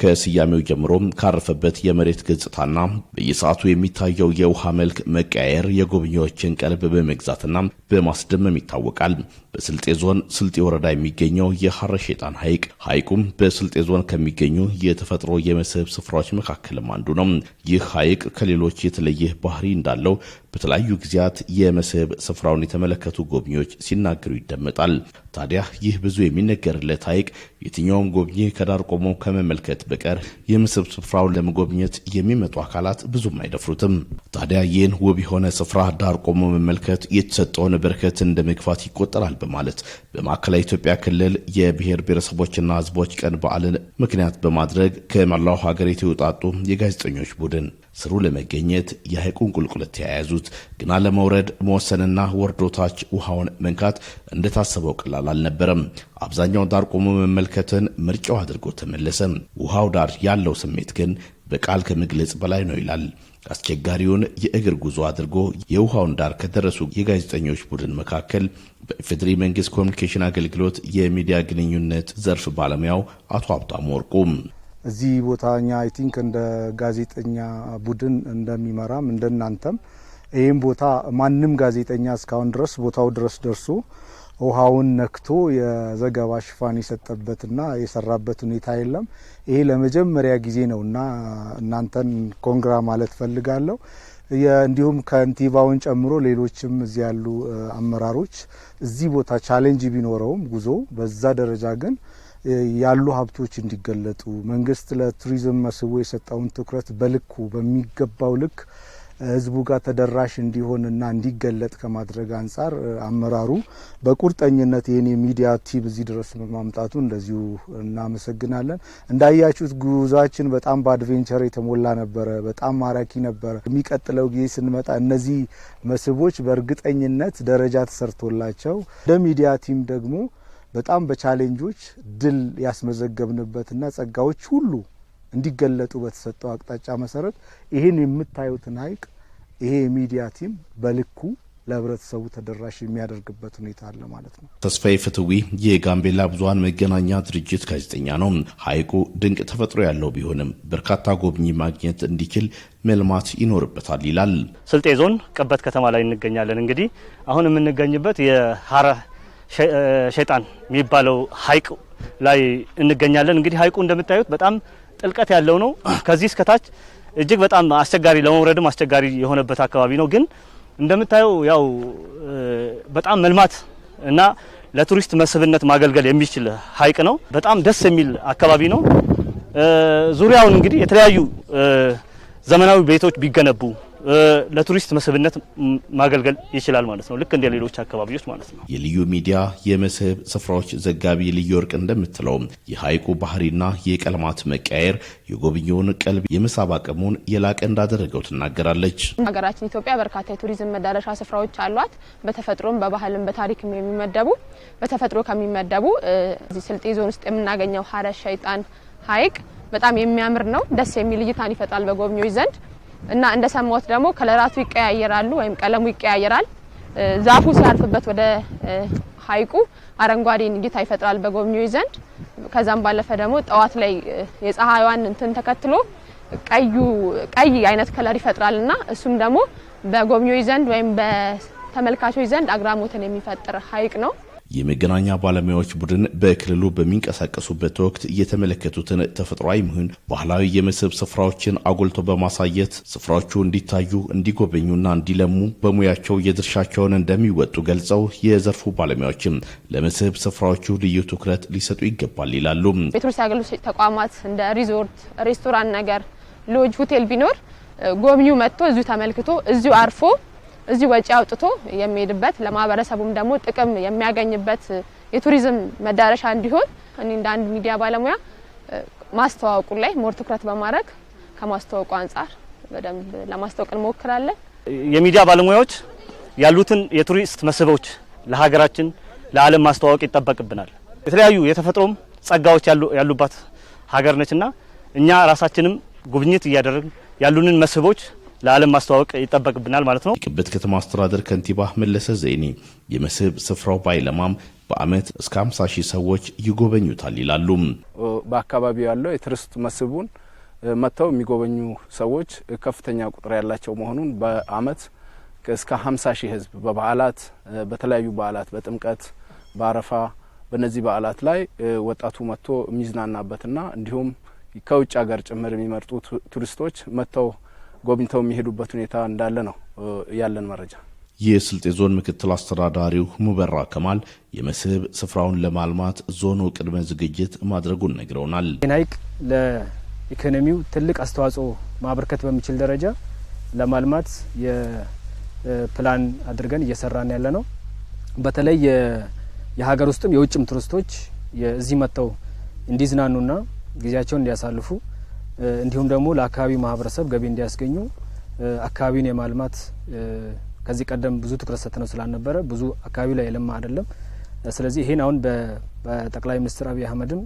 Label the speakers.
Speaker 1: ከስያሜው ጀምሮ ካረፈበት የመሬት ገጽታና በየሰዓቱ የሚታየው የውሃ መልክ መቀየር የጎብኚዎችን ቀልብ በመግዛትና በማስደመም ይታወቃል። በስልጤ ዞን ስልጤ ወረዳ የሚገኘው የሐረ ሸይጣን ሐይቅ ሐይቁም በስልጤ ዞን ከሚገኙ የተፈጥሮ የመስህብ ስፍራዎች መካከልም አንዱ ነው። ይህ ሐይቅ ከሌሎች የተለየ ባህሪ እንዳለው በተለያዩ ጊዜያት የመስህብ ስፍራውን የተመለከቱ ጎብኚዎች ሲናገሩ ይደመጣል። ታዲያ ይህ ብዙ የሚነገርለት ሐይቅ የትኛውም ጎብኚ ከዳር ቆሞ ከመመልከት በቀር የመስህብ ስፍራውን ለመጎብኘት የሚመጡ አካላት ብዙም አይደፍሩትም። ታዲያ ይህን ውብ የሆነ ስፍራ ዳር ቆሞ መመልከት የተሰጠውን በረከት እንደ መግፋት ይቆጠራል በማለት በማዕከላዊ ኢትዮጵያ ክልል የብሔር ብሔረሰቦችና ሕዝቦች ቀን በዓልን ምክንያት በማድረግ ከመላው ሀገሪቱ የተውጣጡ የጋዜጠኞች ቡድን ስሩ ለመገኘት የሐይቁን ቁልቁለት ተያያዙት። ግና ለመውረድ መወሰንና ወርዶ ታች ውሃውን መንካት እንደታሰበው ቀላል አልነበረም። አብዛኛውን ዳር ቆሞ መመልከትን ምርጫው አድርጎ ተመለሰ። ውሃው ዳር ያለው ስሜት ግን በቃል ከመግለጽ በላይ ነው ይላል። አስቸጋሪውን የእግር ጉዞ አድርጎ የውሃውን ዳር ከደረሱ የጋዜጠኞች ቡድን መካከል በኢፌዴሪ መንግስት ኮሚኒኬሽን አገልግሎት የሚዲያ ግንኙነት ዘርፍ ባለሙያው አቶ ሀብታሙ ወርቁ
Speaker 2: እዚህ ቦታ እኛ አይ ቲንክ እንደ ጋዜጠኛ ቡድን እንደሚመራም እንደናንተም ይህም ቦታ ማንም ጋዜጠኛ እስካሁን ድረስ ቦታው ድረስ ደርሶ ውሃውን ነክቶ የዘገባ ሽፋን የሰጠበትና የሰራበት ሁኔታ የለም። ይሄ ለመጀመሪያ ጊዜ ነው እና እናንተን ኮንግራ ማለት ፈልጋለሁ። እንዲሁም ከንቲባውን ጨምሮ ሌሎችም እዚህ ያሉ አመራሮች እዚህ ቦታ ቻሌንጅ ቢኖረውም ጉዞ በዛ ደረጃ ግን ያሉ ሀብቶች እንዲገለጡ መንግስት ለቱሪዝም መስህቦ የሰጠውን ትኩረት በልኩ በሚገባው ልክ ህዝቡ ጋር ተደራሽ እንዲሆንና እንዲገለጥ ከማድረግ አንጻር አመራሩ በቁርጠኝነት ይህን የሚዲያ ቲም እዚህ ድረስ በማምጣቱ እንደዚሁ እናመሰግናለን። እንዳያችሁት ጉዟችን በጣም በአድቬንቸር የተሞላ ነበረ። በጣም ማራኪ ነበረ። የሚቀጥለው ጊዜ ስንመጣ እነዚህ መስህቦች በእርግጠኝነት ደረጃ ተሰርቶላቸው እንደ ሚዲያ ቲም ደግሞ በጣም በቻሌንጆች ድል ያስመዘገብንበትና ጸጋዎች ሁሉ እንዲገለጡ በተሰጠው አቅጣጫ መሰረት ይህን የምታዩትን ሀይቅ ይሄ የሚዲያ ቲም በልኩ ለህብረተሰቡ ተደራሽ የሚያደርግበት ሁኔታ አለ ማለት ነው።
Speaker 1: ተስፋዬ ፍትዊ የጋምቤላ ብዙሀን መገናኛ ድርጅት ጋዜጠኛ ነው። ሀይቁ ድንቅ ተፈጥሮ ያለው ቢሆንም በርካታ ጎብኚ ማግኘት እንዲችል መልማት ይኖርበታል ይላል።
Speaker 3: ስልጤ ዞን ቅበት ከተማ ላይ እንገኛለን። እንግዲህ አሁን የምንገኝበት የሀረ ሸይጣን የሚባለው ሀይቅ ላይ እንገኛለን። እንግዲህ ሀይቁ እንደምታዩት በጣም ጥልቀት ያለው ነው። ከዚህ እስከታች እጅግ በጣም አስቸጋሪ ለመውረድም አስቸጋሪ የሆነበት አካባቢ ነው። ግን እንደምታየው ያው በጣም መልማት እና ለቱሪስት መስህብነት ማገልገል የሚችል ሀይቅ ነው። በጣም ደስ የሚል አካባቢ ነው። ዙሪያውን እንግዲህ የተለያዩ ዘመናዊ ቤቶች ቢገነቡ ለቱሪስት መስህብነት ማገልገል ይችላል ማለት ነው። ልክ እንደ ሌሎች አካባቢዎች ማለት
Speaker 1: ነው። የልዩ ሚዲያ የመስህብ ስፍራዎች ዘጋቢ ልዩ ወርቅ እንደምትለው የሐይቁ ባህሪና የቀለማት መቀያየር የጎብኚውን ቀልብ የመሳብ አቅሙን የላቀ እንዳደረገው ትናገራለች።
Speaker 4: ሀገራችን ኢትዮጵያ በርካታ የቱሪዝም መዳረሻ ስፍራዎች አሏት። በተፈጥሮም በባህልም በታሪክም የሚመደቡ በተፈጥሮ ከሚመደቡ እዚህ ስልጤ ዞን ውስጥ የምናገኘው ሀረ ሸይጣን ሐይቅ በጣም የሚያምር ነው። ደስ የሚል እይታን ይፈጥራል በጎብኚዎች ዘንድ እና እንደሰማሁት ደግሞ ከለራቱ ይቀያየራሉ ወይም ቀለሙ ይቀያየራል። ዛፉ ሲያርፍበት ወደ ሐይቁ አረንጓዴን እይታ ይፈጥራል በጎብኚዎች ዘንድ። ከዛም ባለፈ ደግሞ ጠዋት ላይ የፀሐይዋን እንትን ተከትሎ ቀዩ ቀይ አይነት ከለር ይፈጥራልና እሱም ደግሞ በጎብኚዎች ዘንድ ወይም በተመልካቾች ዘንድ አግራሞትን የሚፈጥር ሐይቅ ነው።
Speaker 1: የመገናኛ ባለሙያዎች ቡድን በክልሉ በሚንቀሳቀሱበት ወቅት እየተመለከቱትን ተፈጥሯዊ ምሁን ባህላዊ የመስህብ ስፍራዎችን አጎልቶ በማሳየት ስፍራዎቹ እንዲታዩ እንዲጎበኙና እንዲለሙ በሙያቸው የድርሻቸውን እንደሚወጡ ገልጸው የዘርፉ ባለሙያዎችም ለመስህብ ስፍራዎቹ ልዩ ትኩረት ሊሰጡ ይገባል ይላሉ።
Speaker 4: የቱሪስት አገልግሎት ተቋማት እንደ ሪዞርት፣ ሬስቶራንት ነገር፣ ሎጅ፣ ሆቴል ቢኖር ጎብኚው መጥቶ እዚሁ ተመልክቶ እዚሁ አርፎ እዚህ ወጪ አውጥቶ የሚሄድበት ለማህበረሰቡም ደግሞ ጥቅም የሚያገኝበት የቱሪዝም መዳረሻ እንዲሆን እኔ እንደ አንድ ሚዲያ ባለሙያ ማስተዋወቁ ላይ ሞር ትኩረት በማድረግ ከማስተዋወቁ አንጻር በደንብ ለማስተዋወቅ እንሞክራለን።
Speaker 3: የሚዲያ ባለሙያዎች ያሉትን የቱሪስት መስህቦች ለሀገራችን ለዓለም ማስተዋወቅ ይጠበቅብናል። የተለያዩ የተፈጥሮም ጸጋዎች ያሉባት ሀገር ነችና እኛ ራሳችንም ጉብኝት እያደረግን ያሉንን መስህቦች ለዓለም ማስተዋወቅ ይጠበቅብናል ማለት
Speaker 1: ነው። የቅብት ከተማ አስተዳደር ከንቲባ መለሰ ዜኔ የመስህብ ስፍራው ባይለማም በዓመት እስከ 50 ሺህ ሰዎች ይጎበኙታል ይላሉ።
Speaker 5: በአካባቢው ያለው የቱሪስት መስህቡን መጥተው የሚጎበኙ ሰዎች ከፍተኛ ቁጥር ያላቸው መሆኑን በዓመት እስከ 50 ሺህ ህዝብ በበዓላት በተለያዩ በዓላት በጥምቀት፣ በአረፋ በእነዚህ በዓላት ላይ ወጣቱ መጥቶ የሚዝናናበትና እንዲሁም ከውጭ ሀገር ጭምር የሚመርጡ ቱሪስቶች መጥተው ጎብኝተው የሚሄዱበት ሁኔታ እንዳለ ነው ያለን መረጃ።
Speaker 1: የስልጤ ዞን ምክትል አስተዳዳሪው ሙበራ ከማል የመስህብ ስፍራውን ለማልማት ዞኑ ቅድመ ዝግጅት ማድረጉን ነግረውናል።
Speaker 6: ሐይቅ ለኢኮኖሚው ትልቅ አስተዋጽኦ ማበርከት በሚችል ደረጃ ለማልማት የፕላን አድርገን እየሰራን ያለ ነው። በተለይ የሀገር ውስጥም የውጭም ቱሪስቶች እዚህ መጥተው እንዲዝናኑና ጊዜያቸውን እንዲያሳልፉ እንዲሁም ደግሞ ለአካባቢው ማህበረሰብ ገቢ እንዲያስገኙ አካባቢውን የማልማት ከዚህ ቀደም ብዙ ትኩረት ሰጥተነው ስላልነበረ ብዙ አካባቢ ላይ የለማ አይደለም። ስለዚህ ይህን አሁን በጠቅላይ ሚኒስትር አብይ አህመድም